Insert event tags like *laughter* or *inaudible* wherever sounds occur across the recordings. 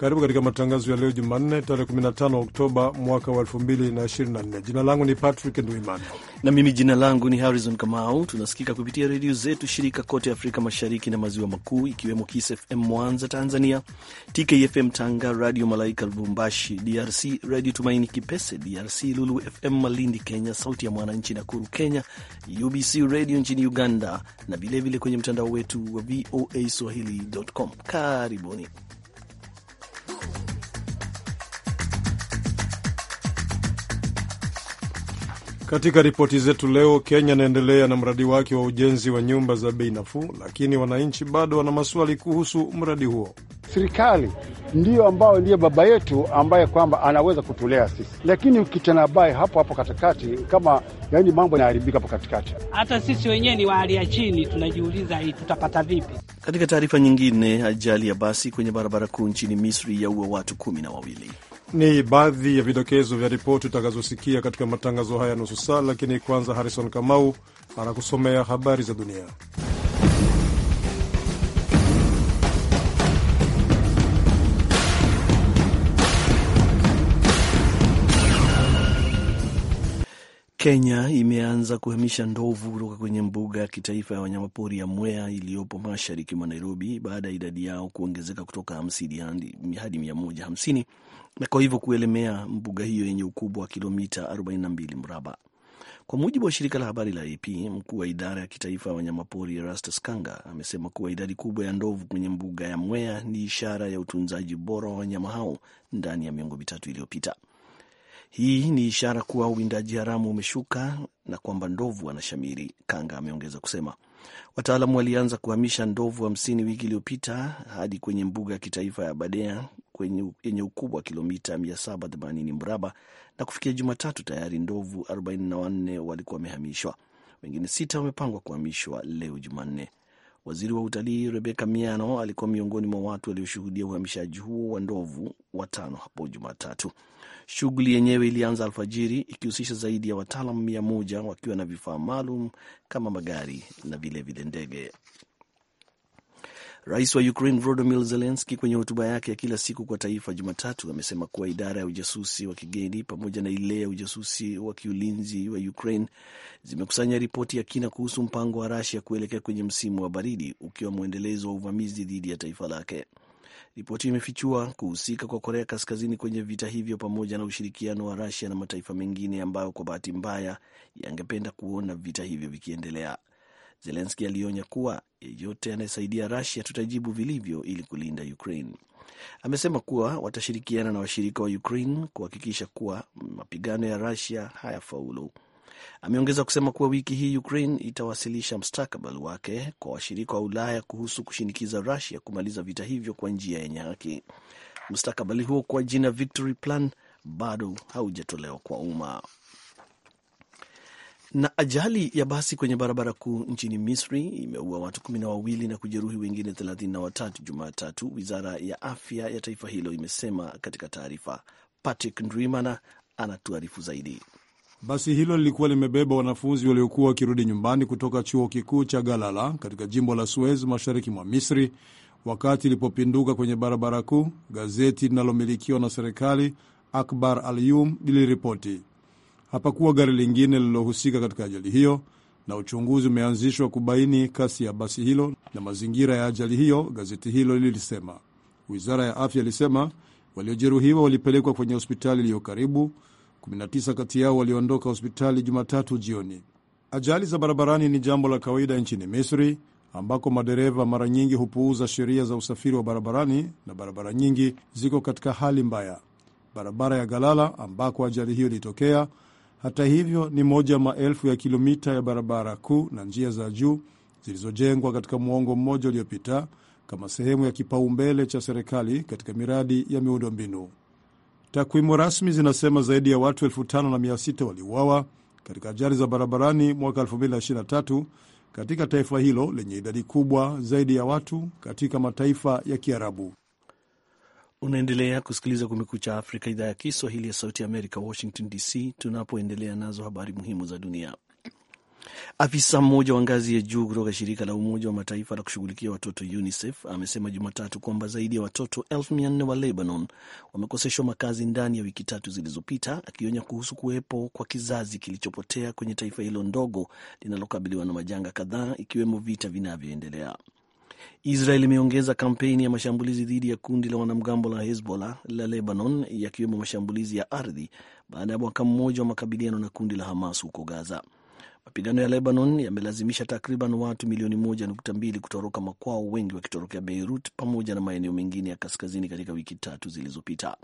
Karibu katika matangazo ya leo Jumanne, tarehe 15 Oktoba mwaka wa 2024. Jina langu ni Patrick Ndwimana na mimi jina langu ni Harrison Kamau. Tunasikika kupitia redio zetu shirika kote Afrika Mashariki na Maziwa Makuu, ikiwemo KisFM Mwanza Tanzania, TKFM Tanga, Radio Malaika Lubumbashi DRC, Radio Tumaini Kipese DRC, Lulu FM Malindi Kenya, Sauti ya Mwananchi Nakuru Kenya, UBC Radio nchini Uganda na vilevile kwenye mtandao wetu wa VOA Swahili.com. Karibuni. Katika ripoti zetu leo, Kenya inaendelea na mradi wake wa ujenzi wa nyumba za bei nafuu, lakini wananchi bado wana maswali kuhusu mradi huo serikali ndio ambao ndiye baba yetu ambaye kwamba anaweza kutulea sisi, lakini ukitanabai hapo hapo katikati, kama yani mambo yanaharibika hapo katikati. Hata sisi wenyewe ni wa hali ya chini, tunajiuliza hii tutapata vipi? Katika taarifa nyingine, ajali ya basi kwenye barabara kuu nchini Misri yaua watu kumi na wawili. Ni baadhi ya vidokezo vya ripoti utakazosikia katika matangazo haya nusu saa, lakini kwanza Harrison Kamau anakusomea habari za dunia. Kenya imeanza kuhamisha ndovu kutoka kwenye mbuga ya kitaifa ya wanyamapori ya Mwea iliyopo mashariki mwa Nairobi baada ya idadi yao kuongezeka kutoka hamsini hadi mia moja hamsini na kwa hivyo kuelemea mbuga hiyo yenye ukubwa wa kilomita 42 mraba. Kwa mujibu wa shirika la habari la AP, mkuu wa idara ya kitaifa ya wanyamapori Erastus Kanga amesema kuwa idadi kubwa ya ndovu kwenye mbuga ya Mwea ni ishara ya utunzaji bora wa wanyama hao ndani ya miongo mitatu iliyopita. Hii ni ishara kuwa uwindaji haramu umeshuka na kwamba ndovu wanashamiri, Kanga ameongeza kusema. Wataalamu walianza kuhamisha ndovu hamsini wiki iliyopita hadi kwenye mbuga ya kitaifa ya Badea yenye ukubwa wa kilomita 780 mraba, na kufikia Jumatatu tayari ndovu 44 walikuwa wamehamishwa. Wengine sita wamepangwa kuhamishwa leo Jumanne. Waziri wa utalii Rebeka Miano alikuwa miongoni mwa watu walioshuhudia uhamishaji huo wa ndovu watano hapo Jumatatu. Shughuli yenyewe ilianza alfajiri ikihusisha zaidi ya wataalam mia moja wakiwa na vifaa maalum kama magari na vilevile ndege. Rais wa Ukraine Volodymyr Zelensky kwenye hotuba yake ya kila siku kwa taifa Jumatatu amesema kuwa idara ya ujasusi wa kigeni pamoja na ile ya ujasusi wa kiulinzi wa Ukraine zimekusanya ripoti ya kina kuhusu mpango wa Russia kuelekea kwenye msimu wa baridi ukiwa mwendelezo wa uvamizi dhidi ya taifa lake. Ripoti imefichua kuhusika kwa Korea Kaskazini kwenye vita hivyo pamoja na ushirikiano wa Rusia na mataifa mengine ambayo kwa bahati mbaya yangependa kuona vita hivyo vikiendelea. Zelenski alionya kuwa yeyote anayesaidia Rusia tutajibu vilivyo ili kulinda Ukraine. Amesema kuwa watashirikiana na washirika wa Ukraine kuhakikisha kuwa mapigano ya Rusia hayafaulu. Ameongeza kusema kuwa wiki hii Ukraine itawasilisha mstakabal wake kwa washirika wa Ulaya kuhusu kushinikiza Rusia kumaliza vita hivyo kwa njia yenye haki. mstakabali huo kwa jina Victory Plan bado haujatolewa kwa umma. Na ajali ya basi kwenye barabara kuu nchini Misri imeua watu kumi na wawili na kujeruhi wengine thelathini na watatu Jumatatu, wizara ya afya ya taifa hilo imesema katika taarifa. Patrick Ndrimana anatuarifu zaidi. Basi hilo lilikuwa limebeba wanafunzi waliokuwa wakirudi nyumbani kutoka chuo kikuu cha Galala katika jimbo la Suez, mashariki mwa Misri, wakati ilipopinduka kwenye barabara kuu, gazeti linalomilikiwa na serikali Akbar Alyum liliripoti. Hapakuwa gari lingine lililohusika katika ajali hiyo, na uchunguzi umeanzishwa kubaini kasi ya basi hilo na mazingira ya ajali hiyo, gazeti hilo lilisema. Wizara ya afya ilisema waliojeruhiwa walipelekwa kwenye hospitali iliyo karibu 19 kati yao walioondoka hospitali Jumatatu jioni. Ajali za barabarani ni jambo la kawaida nchini Misri, ambako madereva mara nyingi hupuuza sheria za usafiri wa barabarani na barabara nyingi ziko katika hali mbaya. Barabara ya Galala ambako ajali hiyo ilitokea, hata hivyo, ni moja maelfu ya kilomita ya barabara kuu na njia za juu zilizojengwa katika mwongo mmoja uliopita kama sehemu ya kipaumbele cha serikali katika miradi ya miundombinu. Takwimu rasmi zinasema zaidi ya watu 56 waliuawa katika ajali za barabarani mwaka 2023 katika taifa hilo lenye idadi kubwa zaidi ya watu katika mataifa ya Kiarabu. Unaendelea kusikiliza Kumekucha Afrika, idhaa ya Kiswahili ya Sauti ya Amerika, Washington DC, tunapoendelea nazo habari muhimu za dunia. Afisa mmoja wa ngazi ya juu kutoka shirika la Umoja wa Mataifa la kushughulikia watoto UNICEF amesema Jumatatu kwamba zaidi ya watoto elfu mia nne wa Lebanon wamekoseshwa makazi ndani ya wiki tatu zilizopita, akionya kuhusu kuwepo kwa kizazi kilichopotea kwenye taifa hilo ndogo linalokabiliwa na majanga kadhaa ikiwemo vita vinavyoendelea. Israel imeongeza kampeni ya mashambulizi dhidi ya kundi la wanamgambo la Hezbollah la Lebanon, yakiwemo mashambulizi ya ardhi baada ya mwaka mmoja wa makabiliano na kundi la Hamas huko Gaza. Mapigano ya Lebanon yamelazimisha takriban watu milioni moja nukta mbili kutoroka makwao, wengi wakitorokea Beirut pamoja na maeneo mengine ya kaskazini katika wiki tatu zilizopita.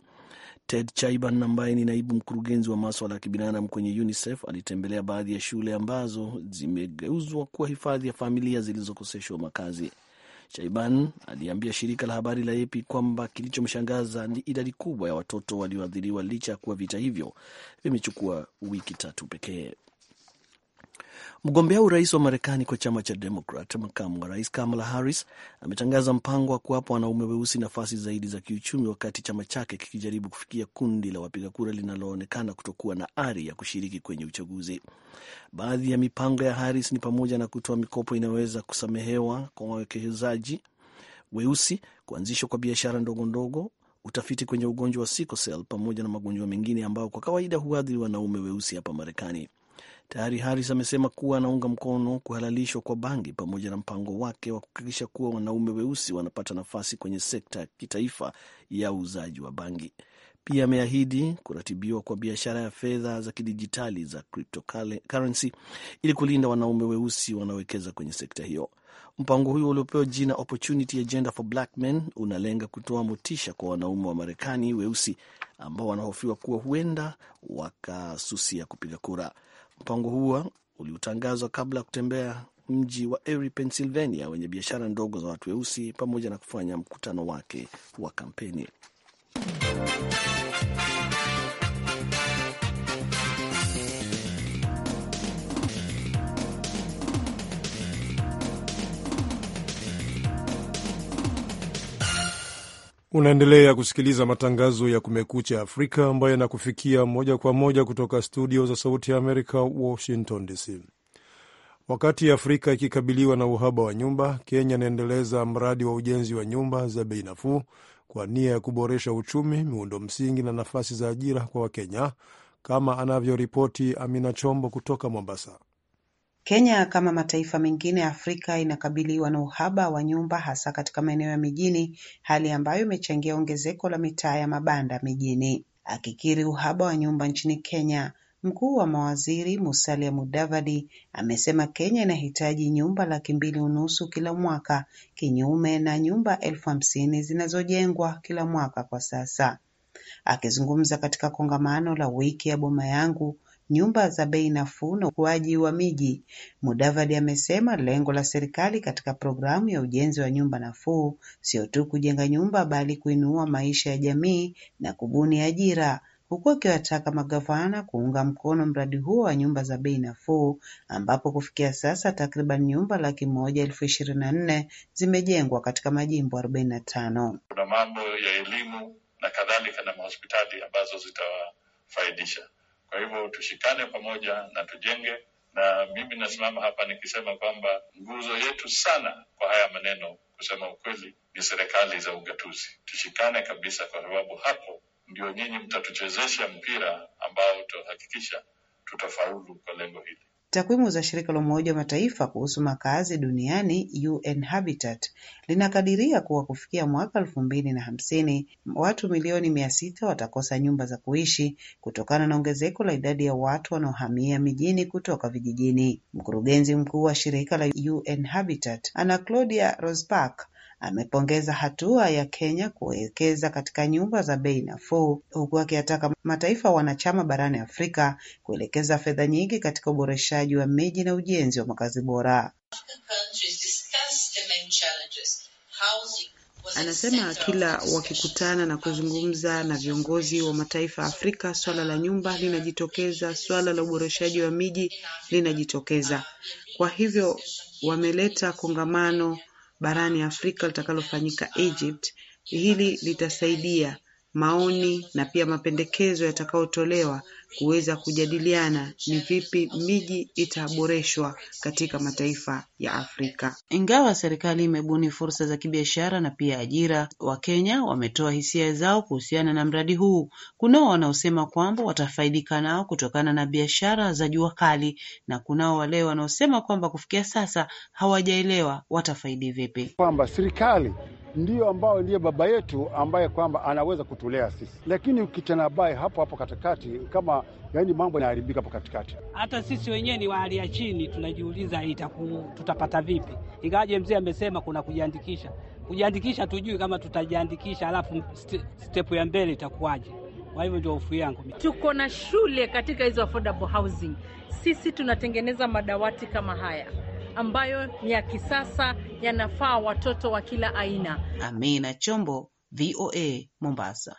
Ted Chaiban ambaye ni naibu mkurugenzi wa maswala ya kibinadamu kwenye UNICEF alitembelea baadhi ya shule ambazo zimegeuzwa kuwa hifadhi ya familia zilizokoseshwa makazi. Chaiban aliambia shirika la habari la AP kwamba kilichomshangaza ni idadi kubwa ya watoto walioathiriwa licha ya kuwa vita hivyo vimechukua wiki tatu pekee. Mgombea urais wa Marekani kwa chama cha Demokrat, makamu wa rais Kamala Harris ametangaza mpango wa kuwapa wanaume weusi nafasi zaidi za kiuchumi, wakati chama chake kikijaribu kufikia kundi la wapiga kura linaloonekana kutokuwa na ari ya kushiriki kwenye uchaguzi. Baadhi ya mipango ya Harris ni pamoja na kutoa mikopo inayoweza kusamehewa kwa wawekezaji weusi, kuanzishwa kwa biashara ndogo ndogo, utafiti kwenye ugonjwa wa sickle cell pamoja na magonjwa mengine ambayo kwa kawaida huathiri wanaume weusi hapa Marekani. Tayari haris amesema kuwa anaunga mkono kuhalalishwa kwa bangi pamoja na mpango wake wa kuhakikisha kuwa wanaume weusi wanapata nafasi kwenye sekta ya kitaifa ya uuzaji wa bangi. Pia ameahidi kuratibiwa kwa biashara ya fedha za kidijitali za cryptocurrency ili kulinda wanaume weusi wanaowekeza kwenye sekta hiyo. Mpango huo uliopewa jina Opportunity Agenda for Black Men unalenga kutoa motisha kwa wanaume wa Marekani weusi ambao wanahofiwa kuwa huenda wakasusia kupiga kura. Mpango huo uliutangazwa kabla ya kutembea mji wa Erie, Pennsylvania, wenye biashara ndogo za watu weusi pamoja na kufanya mkutano wake wa kampeni. Unaendelea kusikiliza matangazo ya Kumekucha Afrika ambayo yanakufikia moja kwa moja kutoka studio za Sauti ya Amerika, Washington DC. Wakati Afrika ikikabiliwa na uhaba wa nyumba, Kenya inaendeleza mradi wa ujenzi wa nyumba za bei nafuu kwa nia ya kuboresha uchumi, miundo msingi na nafasi za ajira kwa Wakenya, kama anavyoripoti Amina Chombo kutoka Mombasa. Kenya kama mataifa mengine ya Afrika inakabiliwa na uhaba wa nyumba hasa katika maeneo ya mijini, hali ambayo imechangia ongezeko la mitaa ya mabanda mijini. Akikiri uhaba wa nyumba nchini Kenya, Mkuu wa mawaziri Musalia Mudavadi amesema Kenya inahitaji nyumba laki mbili unusu kila mwaka kinyume na nyumba elfu hamsini zinazojengwa kila mwaka kwa sasa. Akizungumza katika kongamano la wiki ya Boma Yangu nyumba za bei nafuu na ukuaji wa miji. Mudavadi amesema lengo la serikali katika programu ya ujenzi wa nyumba nafuu sio tu kujenga nyumba bali kuinua maisha ya jamii na kubuni ajira, huku akiwataka magavana kuunga mkono mradi huo wa nyumba za bei nafuu, ambapo kufikia sasa takriban nyumba laki moja elfu ishirini na nne zimejengwa katika majimbo arobaini na tano. Kuna mambo ya elimu na kadhalika na mahospitali ambazo zitawafaidisha kwa hivyo tushikane pamoja na tujenge, na mimi nasimama hapa nikisema kwamba nguzo yetu sana kwa haya maneno, kusema ukweli, ni serikali za ugatuzi. Tushikane kabisa, kwa sababu hapo ndio nyinyi mtatuchezesha mpira ambao utahakikisha tutafaulu kwa lengo hili. Takwimu za shirika la Umoja wa Mataifa kuhusu makazi duniani UN Habitat linakadiria kuwa kufikia mwaka elfu mbili na hamsini watu milioni mia sita watakosa nyumba za kuishi kutokana na ongezeko la idadi ya watu wanaohamia mijini kutoka vijijini. Mkurugenzi mkuu wa shirika la UN Habitat Ana Claudia Rosbach Amepongeza hatua ya Kenya kuwekeza katika nyumba za bei nafuu huku akiyataka mataifa wanachama barani Afrika kuelekeza fedha nyingi katika uboreshaji wa miji na ujenzi wa makazi bora. Anasema kila wakikutana na kuzungumza na viongozi wa mataifa ya Afrika, swala la nyumba linajitokeza, swala la uboreshaji wa miji linajitokeza. Kwa hivyo wameleta kongamano barani Afrika litakalofanyika Egypt hili litasaidia maoni na pia mapendekezo yatakayotolewa kuweza kujadiliana ni vipi miji itaboreshwa katika mataifa ya Afrika. Ingawa serikali imebuni fursa za kibiashara na pia ajira, Wakenya wametoa hisia zao kuhusiana na mradi huu. Kunao wanaosema kwamba watafaidika nao kutokana na biashara za jua kali, na kunao wale wanaosema kwamba kufikia sasa hawajaelewa watafaidi vipi, kwamba serikali ndio ambao ndiye baba yetu ambaye kwamba anaweza kutulea sisi, lakini ukitanabaye hapo hapo katikati, kama yani mambo yanaharibika hapo katikati. Hata sisi wenyewe ni wa hali ya chini, tunajiuliza itaku tutapata vipi, ingawaje mzee amesema kuna kujiandikisha. Kujiandikisha tujui kama tutajiandikisha, alafu stepu ya mbele itakuwaje? Kwa hivyo ndio hofu yangu. Tuko na shule katika hizo affordable housing, sisi tunatengeneza madawati kama haya ambayo ni ya kisasa, yanafaa watoto wa kila aina. Amina Chombo, VOA Mombasa.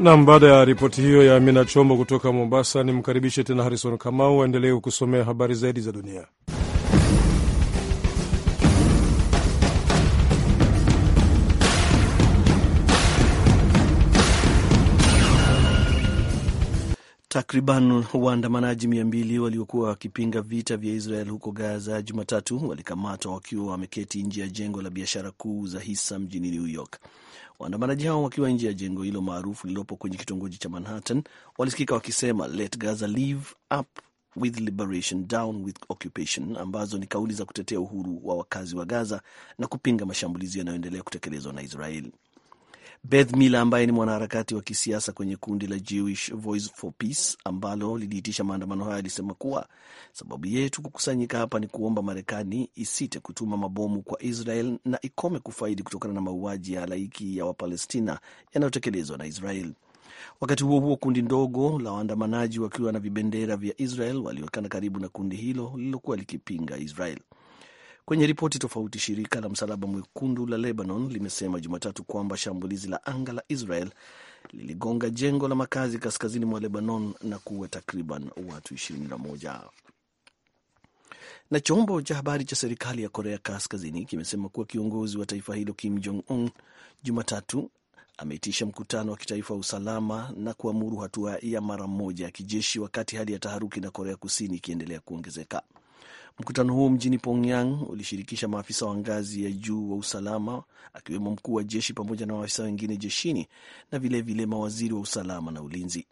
Nam, baada ya ripoti hiyo ya Amina Chombo kutoka Mombasa, nimkaribishe tena Harison Kamau aendelee kusomea habari zaidi za dunia. Takriban waandamanaji mia mbili waliokuwa wakipinga vita vya Israel huko Gaza Jumatatu walikamatwa wakiwa wameketi nje ya jengo la biashara kuu za hisa mjini New York. Waandamanaji hao wakiwa nje ya jengo hilo maarufu lililopo kwenye kitongoji cha Manhattan walisikika wakisema Let Gaza live up with liberation, down with occupation, ambazo ni kauli za kutetea uhuru wa wakazi wa Gaza na kupinga mashambulizi yanayoendelea kutekelezwa na Israeli. Beth Miller ambaye ni mwanaharakati wa kisiasa kwenye kundi la Jewish Voice for Peace ambalo liliitisha maandamano hayo alisema kuwa sababu yetu kukusanyika hapa ni kuomba Marekani isite kutuma mabomu kwa Israel na ikome kufaidi kutokana na mauaji ya halaiki ya Wapalestina yanayotekelezwa na Israel. Wakati huo huo, kundi ndogo la waandamanaji wakiwa na vibendera vya Israel walionekana karibu na kundi hilo lililokuwa likipinga Israel. Kwenye ripoti tofauti, shirika la Msalaba Mwekundu la Lebanon limesema Jumatatu kwamba shambulizi la anga la Israel liligonga jengo la makazi kaskazini mwa Lebanon na kuua takriban watu 21. Na chombo cha habari cha serikali ya Korea Kaskazini kimesema kuwa kiongozi wa taifa hilo Kim Jong Un Jumatatu ameitisha mkutano wa kitaifa wa usalama na kuamuru hatua ya mara moja ya kijeshi, wakati hali ya taharuki na Korea Kusini ikiendelea kuongezeka. Mkutano huo mjini Pyongyang ulishirikisha maafisa wa ngazi ya juu wa usalama akiwemo mkuu wa jeshi pamoja na maafisa wengine jeshini na vilevile vile mawaziri wa usalama na ulinzi.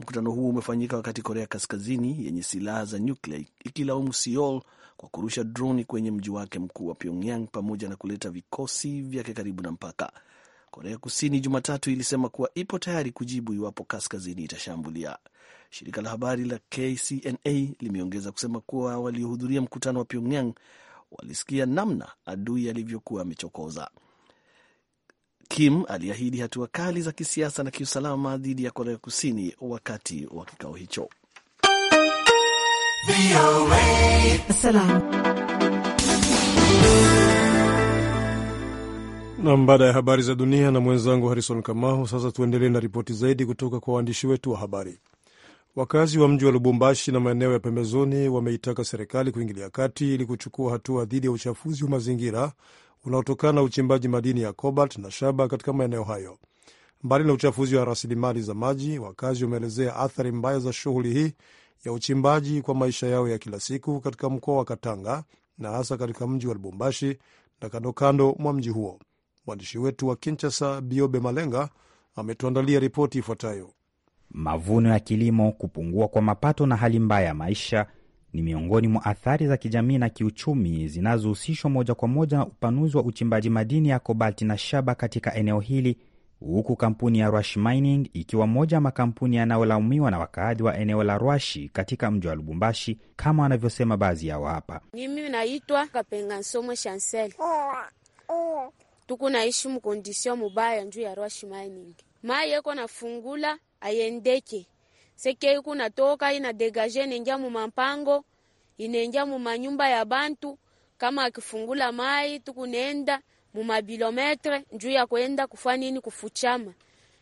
Mkutano huo umefanyika wakati Korea Kaskazini yenye silaha za nyuklia ikilaumu Seoul kwa kurusha droni kwenye mji wake mkuu wa Pyongyang pamoja na kuleta vikosi vyake karibu na mpaka. Korea Kusini Jumatatu ilisema kuwa ipo tayari kujibu iwapo kaskazini itashambulia. Shirika la habari la KCNA limeongeza kusema kuwa waliohudhuria mkutano wa Pyongyang walisikia namna adui alivyokuwa amechokoza. Kim aliahidi hatua kali za kisiasa na kiusalama dhidi ya Korea Kusini wakati wa kikao hicho. Nam, baada ya habari za dunia na mwenzangu Harison Kamau. Sasa tuendelee na ripoti zaidi kutoka kwa waandishi wetu wa habari. Wakazi wa mji wa Lubumbashi na maeneo ya pembezoni wameitaka serikali kuingilia kati ili kuchukua hatua dhidi ya uchafuzi wa mazingira unaotokana na uchimbaji madini ya cobalt na shaba katika maeneo hayo. Mbali na uchafuzi wa rasilimali za maji, wakazi wameelezea athari mbaya za shughuli hii ya uchimbaji kwa maisha yao ya kila siku katika mkoa wa Katanga na hasa katika mji wa Lubumbashi na kandokando mwa mji huo. Mwandishi wetu wa Kinchasa, Biobe Malenga, ametuandalia ripoti ifuatayo. Mavuno ya kilimo, kupungua kwa mapato na hali mbaya ya maisha ni miongoni mwa athari za kijamii na kiuchumi zinazohusishwa moja kwa moja na upanuzi wa uchimbaji madini ya kobalti na shaba katika eneo hili, huku kampuni ya Rush Mining ikiwa moja ya makampuni yanayolaumiwa na wakaadhi wa eneo la Rwashi katika mji wa Lubumbashi, kama wanavyosema baadhi yao hapa. Mimi naitwa Kapenga Nsomo Chancel. Oh, oh tuku naishi mukondisio mubaya njuu ya rwashi mining mai yeko nafungula ayendeke seke iku ikunatoka inadegaje inengia mumampango inengia mumanyumba ya bantu kama akifungula mai tuku tukunenda mumabilometre njuu ya kwenda kufua nini kufuchama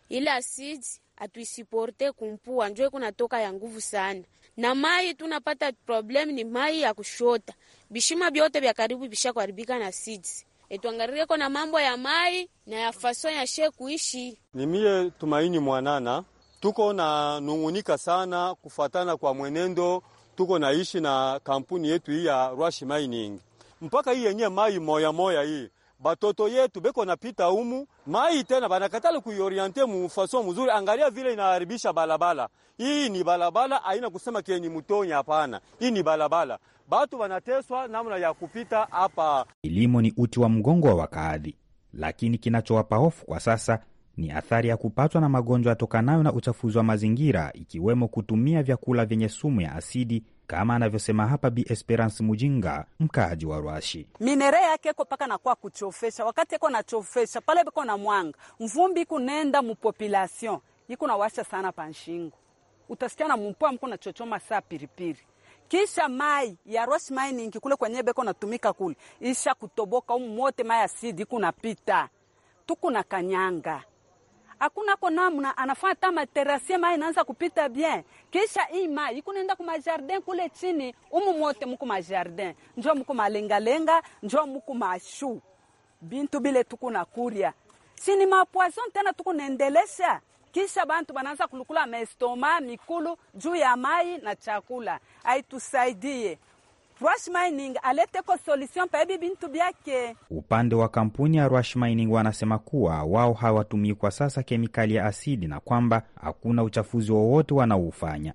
ile asidi atuisiporte kumpua njoo kunatoka ya nguvu sana na mai tunapata problem ni mai ya kushota bishima byote vya karibu vishakuharibika na seeds etwangarire kona mambo ya mai na ya fason ya she kuishi. Ni mie Tumaini Mwanana, tuko na nungunika sana kufatana kwa mwenendo tuko naishi na kampuni yetu hii ya Rush Mining, mpaka hii yenye mai moya moya hii batoto yetu beko napita umu mai tena banakatala kuioriente mufaso mzuri. Angalia vile inaharibisha balabala. Hii ni balabala, aina kusema kenye mutonya, hapana. Hii ni balabala batu wanateswa namna ya kupita hapa. Kilimo ni uti wa mgongo wa wakaadhi, lakini kinachowapa hofu kwa sasa ni athari ya kupatwa na magonjwa yatokanayo na uchafuzi wa mazingira, ikiwemo kutumia vyakula vyenye sumu ya asidi kama anavyosema hapa Bi Esperance Mujinga, mkaaji wa Rwashi. minere yake eko mpaka nakuwa kuchofesha, wakati eko nachofesha pale beko na mwanga mvumbi ikunenda mupopulasion ikunawasha sana panshingo, utasikia na mupua mko nachochoma saa piripiri kisha mai ya Rosh Mining kule kwenye beko natumika kule isha kutoboka umu mai asidi kunapita tukuna kanyanga hakuna ko namna anafanya ta materasie mai inaanza kupita bien, kisha hii mai ikunenda kuma jardin kule chini umu mote muku majardin njo muku malengalenga njo muku mashu bintu bile tukuna kuria sini mapwazon tena tukunaendelesha kisha bantu banaanza kulukula maestoma mikulu juu ya mai na chakula. Aitusaidie Rush Mining aleteko solution paebi bintu byake. Upande wa kampuni ya Rush Mining wanasema kuwa wao hawatumii kwa sasa kemikali ya asidi na kwamba hakuna uchafuzi wowote wanaoufanya.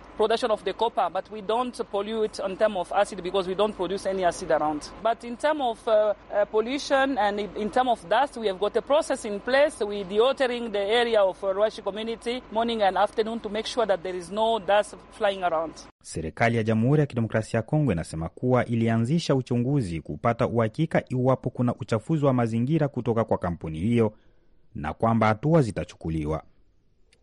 production of the copper, but we don't pollute in terms of acid because we don't produce any acid around. But in terms of uh, uh, pollution and in terms of dust, we have got a process in place. We deotering the area of Ruashi community morning and afternoon to make sure that there is no dust flying around. Serikali ya Jamhuri ya Kidemokrasia ya Kongo inasema kuwa ilianzisha uchunguzi kupata uhakika iwapo kuna uchafuzi wa mazingira kutoka kwa kampuni hiyo na kwamba hatua zitachukuliwa.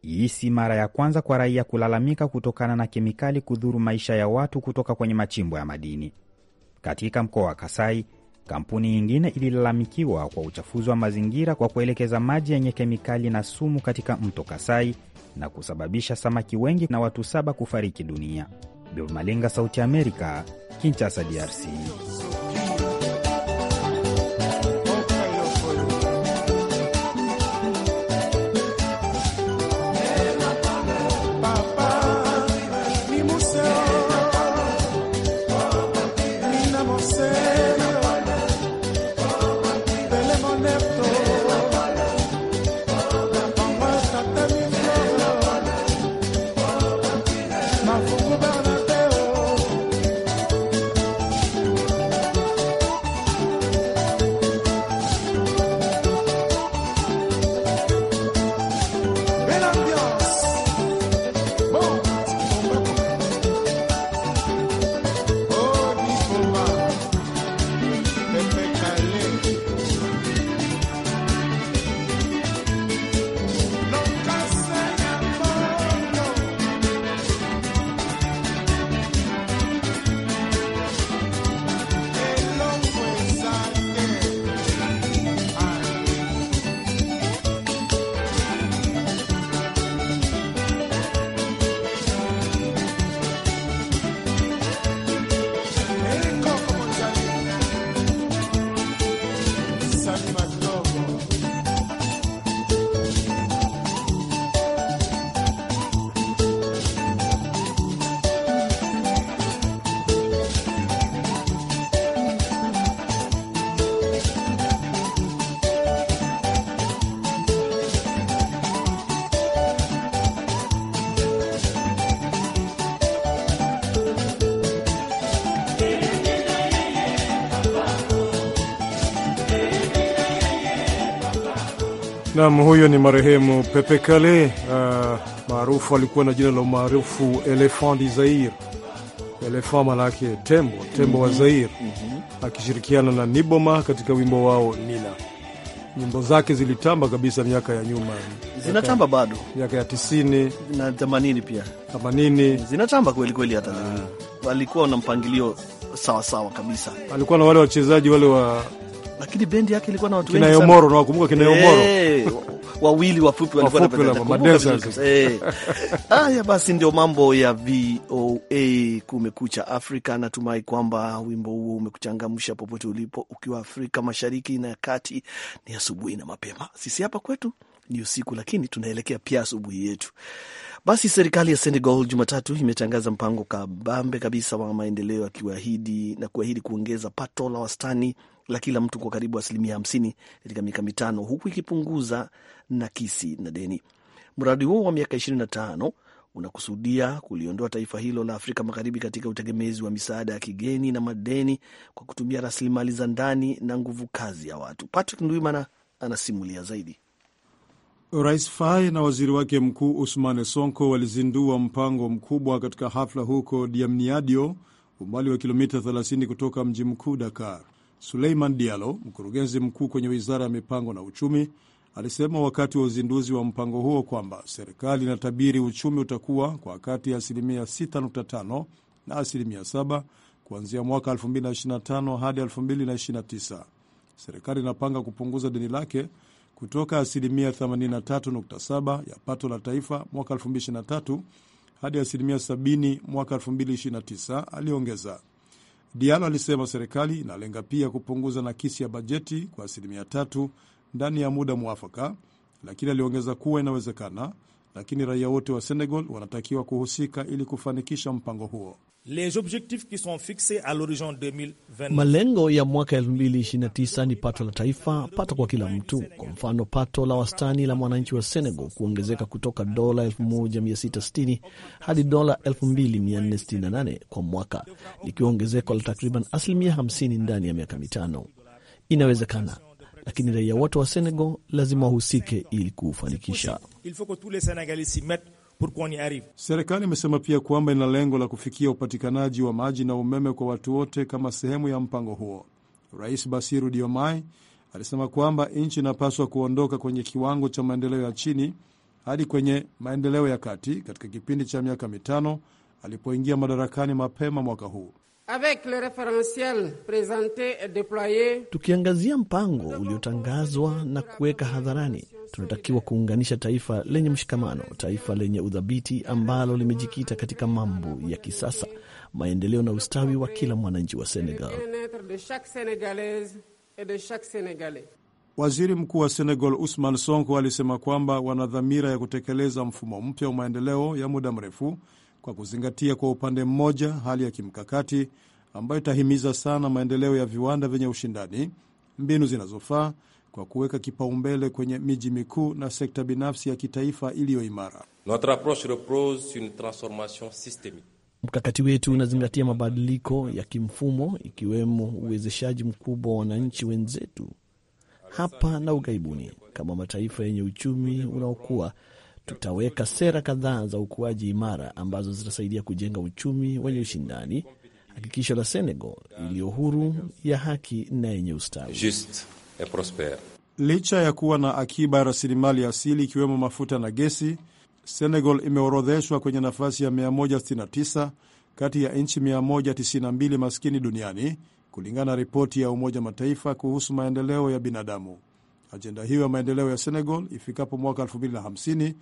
Hii si mara ya kwanza kwa raia kulalamika kutokana na kemikali kudhuru maisha ya watu kutoka kwenye machimbo ya madini. Katika mkoa wa Kasai, kampuni nyingine ililalamikiwa kwa uchafuzi wa mazingira kwa kuelekeza maji yenye kemikali na sumu katika mto Kasai na kusababisha samaki wengi na watu saba kufariki dunia. Bill Sauti ya Amerika, Kinshasa, DRC. Naam, huyo ni marehemu Pepe Kale uh, maarufu alikuwa na jina la umaarufu Elephant du Zaire. elephant manake tembo, tembo mm -hmm. wa mhm. Zaire mm -hmm. akishirikiana na Niboma katika wimbo wao Nina. Nyimbo zake zilitamba kabisa miaka ya nyuma, zinatamba bado, miaka ya tisini na themanini pia themanini, eh, zinatamba kweli kweli. Hata walikuwa ah. na mpangilio sawasawa kabisa, alikuwa na wale wachezaji wale wa lakini bendi yake ilikuwa na watu wengi sana. Kinayomoro, nakumbuka Kinayomoro eh, wawili wafupi walikuwa wanapenda madensa. Eh. *laughs* Haya basi, ndio mambo ya VOA Kumekucha Afrika. Natumai kwamba wimbo huo umekuchangamsha popote ulipo, ukiwa Afrika Mashariki na Kati ni asubuhi na mapema. Sisi hapa kwetu ni usiku, lakini tunaelekea pia asubuhi yetu. Basi serikali ya Senegal Jumatatu imetangaza mpango kabambe kabisa wa maendeleo, akiwaahidi na kuahidi kuongeza pato la wastani la kila mtu kwa karibu asilimia hamsini katika miaka mitano, huku ikipunguza nakisi na deni. Mradi huo wa miaka tano unakusudia kuliondoa taifa hilo la Afrika Magharibi katika utegemezi wa misaada ya kigeni na madeni kwa kutumia rasilimali za ndani na nguvu kazi ya watu. Patrick Ndwimana anasimulia zaidi. Rais Faye na waziri wake mkuu Usmane Sonko walizindua mpango mkubwa katika hafla huko Diamniadio, umbali wa kilomita 30 kutoka mji mkuu Dakar. Suleiman dialo mkurugenzi mkuu kwenye wizara ya mipango na uchumi, alisema wakati wa uzinduzi wa mpango huo kwamba serikali inatabiri uchumi utakuwa kwa kati ya asilimia 6.5 na asilimia 7 kuanzia mwaka 2025 hadi 2029. Serikali inapanga kupunguza deni lake kutoka asilimia 83.7 ya pato la taifa mwaka 2023 hadi asilimia 70 mwaka 2029, aliongeza. Diala alisema serikali inalenga pia kupunguza nakisi ya bajeti kwa asilimia tatu ndani ya muda mwafaka, lakini aliongeza kuwa inawezekana, lakini raia wote wa Senegal wanatakiwa kuhusika ili kufanikisha mpango huo. Les objectifs qui sont fixés à l'horizon 2020. Malengo ya mwaka 2029 ni pato la taifa, pato kwa kila mtu. Kwa mfano, pato la wastani la mwananchi wa Senegal kuongezeka kutoka dola 1660 hadi dola 2468 kwa mwaka, likiwa ongezeko la takriban asilimia 50 ndani ya miaka mitano. Inawezekana, lakini raia wote wa Senegal lazima wahusike ili kuufanikisha. Serikali imesema pia kwamba ina lengo la kufikia upatikanaji wa maji na umeme kwa watu wote kama sehemu ya mpango huo. Rais Basiru diomai alisema kwamba nchi inapaswa kuondoka kwenye kiwango cha maendeleo ya chini hadi kwenye maendeleo ya kati katika kipindi cha miaka mitano alipoingia madarakani mapema mwaka huu. Avec le referentiel presente et deploye, tukiangazia mpango uliotangazwa na kuweka hadharani Tunatakiwa kuunganisha taifa lenye mshikamano, taifa lenye udhabiti, ambalo limejikita katika mambo ya kisasa, maendeleo na ustawi wa kila mwananchi wa Senegal. Waziri Mkuu wa Senegal Usman Sonko alisema kwamba wana dhamira ya kutekeleza mfumo mpya wa maendeleo ya muda mrefu kwa kuzingatia kwa upande mmoja hali ya kimkakati ambayo itahimiza sana maendeleo ya viwanda vyenye ushindani, mbinu zinazofaa kwa kuweka kipaumbele kwenye miji mikuu na sekta binafsi ya kitaifa iliyo imara. Mkakati wetu unazingatia mabadiliko ya kimfumo, ikiwemo uwezeshaji mkubwa wa wananchi wenzetu hapa na ughaibuni. Kama mataifa yenye uchumi unaokuwa, tutaweka sera kadhaa za ukuaji imara ambazo zitasaidia kujenga uchumi wenye ushindani, hakikisho la Senegal iliyo huru ya haki na yenye ustawi Just et Licha ya kuwa na akiba ya rasilimali asili ikiwemo mafuta na gesi, Senegal imeorodheshwa kwenye nafasi ya 169 kati ya nchi 192 maskini duniani kulingana na ripoti ya Umoja Mataifa kuhusu maendeleo ya binadamu. Ajenda hiyo ya maendeleo ya Senegal ifikapo mwaka 2050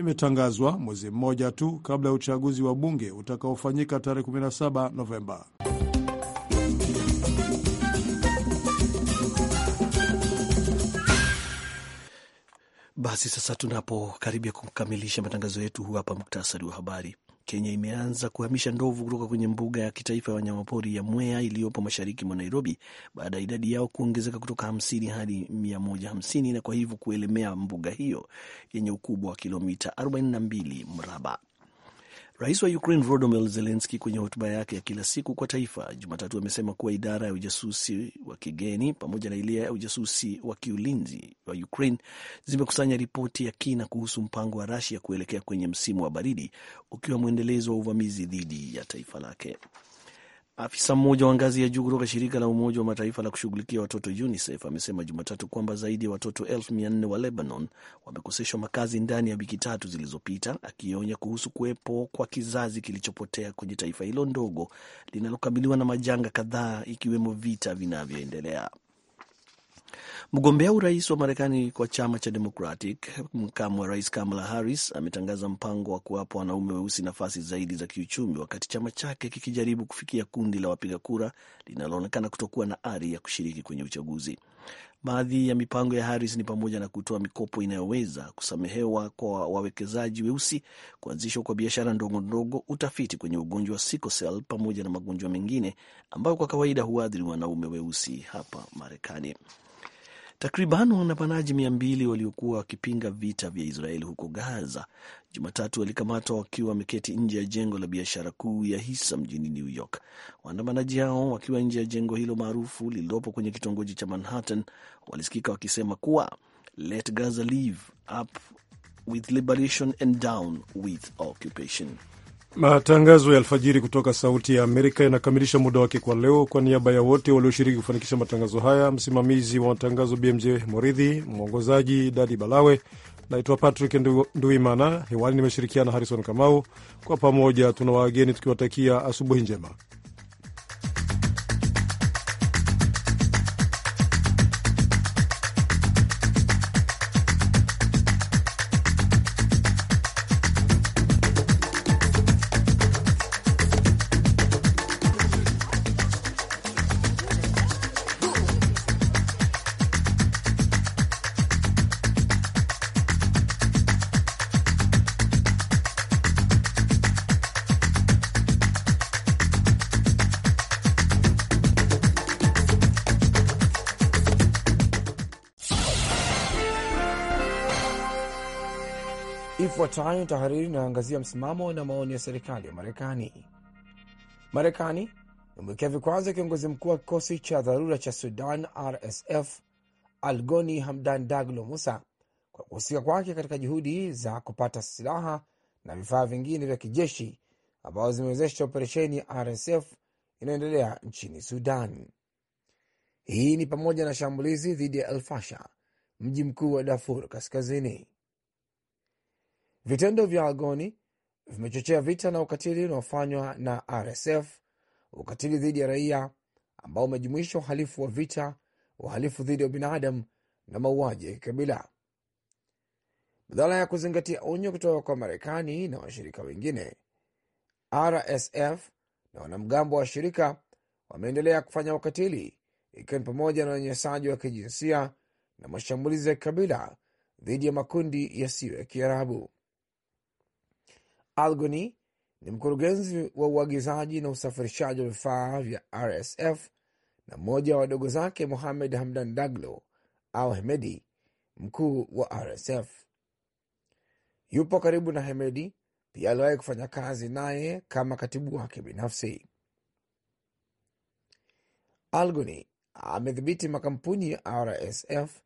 imetangazwa mwezi mmoja tu kabla ya uchaguzi wa bunge utakaofanyika tarehe 17 Novemba. Basi sasa tunapokaribia kukamilisha matangazo yetu, huu hapa muktasari wa habari. Kenya imeanza kuhamisha ndovu kutoka kwenye mbuga ya kitaifa ya wanyamapori ya Mwea iliyopo mashariki mwa Nairobi baada ya idadi yao kuongezeka kutoka hamsini hadi mia moja hamsini na kwa hivyo kuelemea mbuga hiyo yenye ukubwa wa kilomita 42 mraba. Rais wa Ukraine Volodymyr Zelensky kwenye hotuba yake ya kila siku kwa taifa Jumatatu amesema kuwa idara ya ujasusi wa kigeni pamoja na ile ya ujasusi wa kiulinzi wa Ukraine zimekusanya ripoti ya kina kuhusu mpango wa Russia kuelekea kwenye msimu wa baridi, ukiwa mwendelezo wa uvamizi dhidi ya taifa lake. Afisa mmoja wa ngazi ya juu kutoka shirika la Umoja wa Mataifa la kushughulikia watoto UNICEF amesema Jumatatu kwamba zaidi ya watoto elfu mia nne wa Lebanon wamekoseshwa makazi ndani ya wiki tatu zilizopita, akionya kuhusu kuwepo kwa kizazi kilichopotea kwenye taifa hilo ndogo linalokabiliwa na majanga kadhaa ikiwemo vita vinavyoendelea. Mgombea urais wa Marekani kwa chama cha Democratic, makamu wa rais Kamala Harris ametangaza mpango wa kuwapa wanaume weusi nafasi zaidi za kiuchumi, wakati chama chake kikijaribu kufikia kundi la wapiga kura linaloonekana kutokuwa na ari ya kushiriki kwenye uchaguzi. Baadhi ya mipango ya Harris ni pamoja na kutoa mikopo inayoweza kusamehewa kwa wawekezaji weusi, kuanzishwa kwa biashara ndogo ndogo, utafiti kwenye ugonjwa wa sickle cell pamoja na magonjwa mengine ambayo kwa kawaida huathiri wanaume weusi hapa Marekani. Takriban waandamanaji mia mbili waliokuwa wakipinga vita vya Israeli huko Gaza Jumatatu walikamatwa wakiwa wameketi nje ya jengo la biashara kuu ya hisa mjini New York. Waandamanaji hao wakiwa nje ya jengo hilo maarufu lililopo kwenye kitongoji cha Manhattan walisikika wakisema kuwa Let Gaza live up with liberation and down with occupation. Matangazo ya alfajiri kutoka Sauti ya Amerika yanakamilisha muda wake kwa leo. Kwa niaba ya wote walioshiriki kufanikisha matangazo haya, msimamizi wa matangazo BMJ Moridhi, mwongozaji Dadi Balawe, naitwa Patrick Nduimana. Hewani nimeshirikiana Harrison Kamau. Kwa pamoja tuna wageni tukiwatakia asubuhi njema. Ifuatayo tahariri inayoangazia msimamo na maoni ya serikali ya Marekani. Marekani imewekea vikwazo kiongozi mkuu wa kikosi cha dharura cha Sudan RSF Algoni Hamdan Daglo Musa kwa kuhusika kwake katika juhudi za kupata silaha na vifaa vingine vya kijeshi ambazo zimewezesha operesheni ya RSF inayoendelea nchini Sudan. Hii ni pamoja na shambulizi dhidi ya elfasha mji mkuu wa Darfur Kaskazini. Vitendo vya Agoni vimechochea vita na ukatili unaofanywa na RSF, ukatili dhidi ya raia ambao umejumuisha uhalifu wa vita, uhalifu dhidi ya binadamu na mauaji ya kikabila. Badala ya kuzingatia onyo kutoka kwa Marekani na washirika wengine, RSF na wanamgambo wa washirika wameendelea kufanya ukatili, ikiwa ni pamoja na unyanyasaji wa kijinsia na mashambulizi ya kikabila dhidi ya makundi yasiyo ya Kiarabu. Algoni ni mkurugenzi wa uagizaji na usafirishaji wa vifaa vya RSF na mmoja wa wadogo zake Muhamed Hamdan Daglo au Hemedi, mkuu wa RSF. Yupo karibu na Hemedi, pia aliwahi kufanya kazi naye kama katibu wake binafsi. Algoni amedhibiti makampuni ya RSF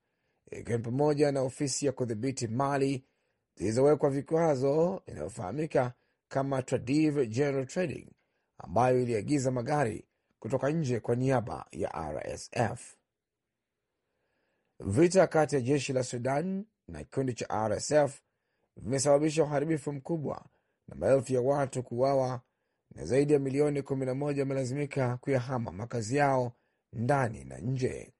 ikiwa ni pamoja na ofisi ya kudhibiti mali zilizowekwa vikwazo inayofahamika kama Tradiv General Trading ambayo iliagiza magari kutoka nje kwa niaba ya RSF. Vita kati ya jeshi la Sudan na kikundi cha RSF vimesababisha uharibifu mkubwa na maelfu ya watu kuuawa na zaidi ya milioni 11 wamelazimika kuyahama makazi yao ndani na nje.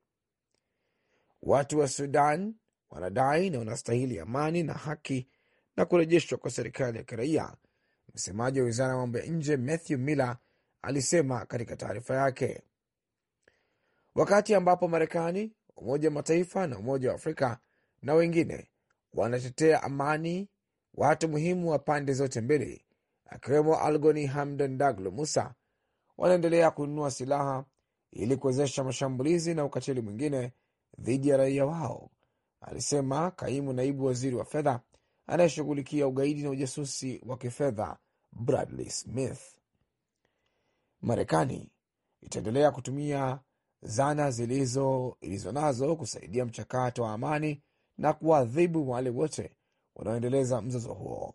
Watu wa Sudan wanadai na wanastahili amani na haki na kurejeshwa kwa serikali ya kiraia. Msemaji wa wizara ya mambo ya nje Matthew Miller alisema katika taarifa yake, wakati ambapo Marekani, Umoja wa Mataifa na Umoja wa Afrika na wengine wanatetea amani. Watu muhimu wa pande zote mbili, akiwemo Algoni Hamdan Daglo Musa, wanaendelea kununua silaha ili kuwezesha mashambulizi na ukatili mwingine dhidi ya raia wao alisema kaimu naibu waziri wa fedha anayeshughulikia ugaidi na ujasusi wa kifedha Bradley Smith. Marekani itaendelea kutumia zana zilizo ilizo nazo kusaidia mchakato wa amani na kuwaadhibu wale wote wanaoendeleza mzozo huo.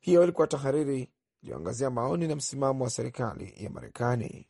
Hiyo ilikuwa tahariri iliyoangazia maoni na msimamo wa serikali ya Marekani.